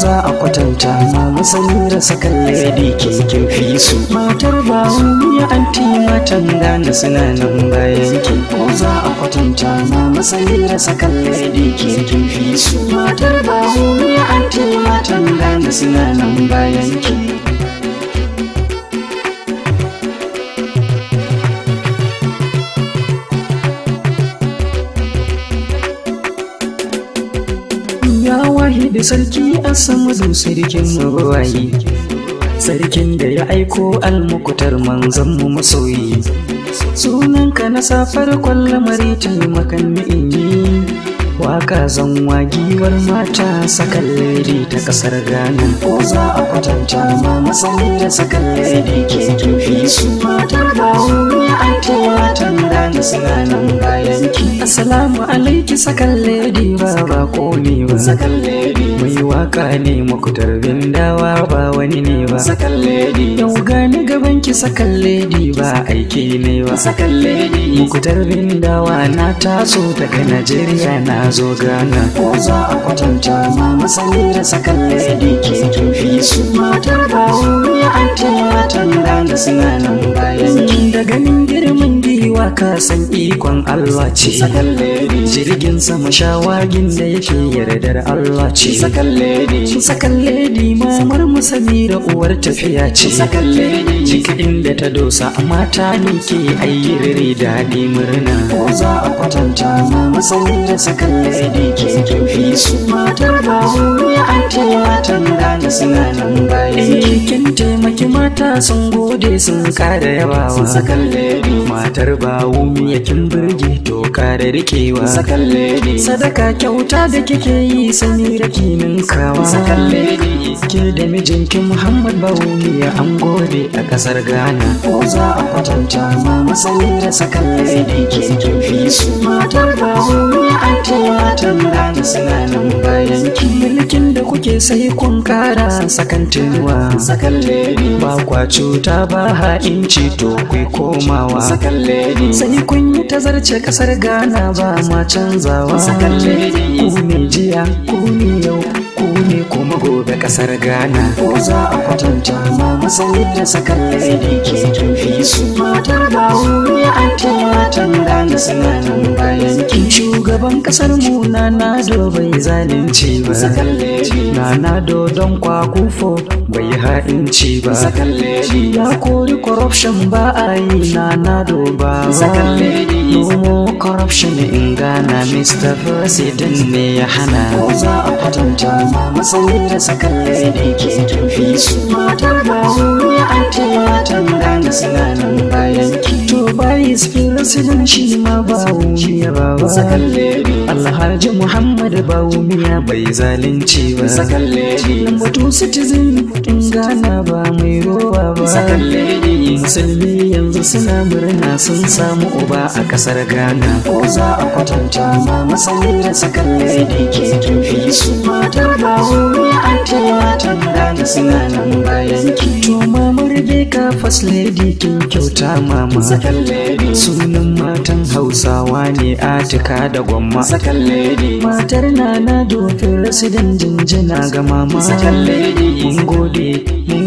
za a kwatanta ma sani da sakan lady ke kin fi su matar ba ya anti matan gane suna nan bayan ki ko za a kwatanta ma sani da sakan lady ke kin fi su matar ba ya anti matan gane suna nan bayan ki da sarki a samu zo sarkin ruwayi sarkin da ya aiko almukutar manzan mu masoyi sunanka na safar kwallamari taimakan in yi waka zan wagiwar mata sakan ta kasar gani ko za a kwatanta ma masani da sakan lady ke kifi su mata ba wuri an bayan ki assalamu alaiki sakan lady ba ba komi ba sakan mai waka ne makutar bindawa ba wani ne ba sakan lady yau gani gaban ki sakan lady ba aiki ne ba sakan lady makutar bindawa na taso daga najeriya na zo gana ko za a kwatanta ma masani da sakan lady ke kin su mata ba wuri an tana tana da suna bayan ki da ganin kowa ka san ikon Allah ce jirgin sama shawagin da yake yardar Allah ce sakan lady mamar mu da uwar tafiya ce jika inda ta dosa mata ne ke ayyirri daɗi murna ko za a kwatanta musami da sakan lady ke kyaufi su matar ba ya an yi matan gane suna nan bayan eh, kin taimaki mata sun gode sun kada yabawa sakan lady matar bawu kin birge doka da rikewa ne sadaka kyauta da kike yi sani da kinin kawa Ke da mijinki Muhammad ya an gobe a ƙasar Ghana. Ko za a kwatanta ma masani da sakan da ke kin su. Matar yi an da ta suna nan bayan ki. Mulkin da kuke sai kun kara sakan Sakan laifi. Ba kwa cuta ba ha'inci to kai komawa. Sakan Sai kun yi tazarce ƙasar Ghana ba ma canzawa. Sakan laifi. Ku ne jiya ku ne yau. ne kuma gobe kasar ghana ko za a kwatanta ma masani da sakar da ke tafi su matar ba wuri an tiyatan ghana na nan bayan ki shugaban kasar mu na nado bai zalunci ba na nado don kwakufo bai ha'inci ba ya kori corruption ba a yi na nado ba ba corruption in Ghana Mr. President ne ya hana ko za a kwatanta ma masani da sakan lady ke tafi su matar ba ya ante matan Ghana suna nan bayan ki to bayi president shi ma ba wuya ba ba sakan lady Alhaji Muhammad ba miya bai zalunci ba sakan lady number 2 citizen gana ba mai ruwa ba musulmi yanzu suna murna sun samu uba a kasar ghana ko za a kwatanta ma masani da sakar lady ke kin fi su mata ba wuri an taya gana suna nan bayan ki tabbas lady kin kyauta mama sunan matan hausawa ne atika da gwamma matar na na dofin rasidan jinjina ga mama mun gode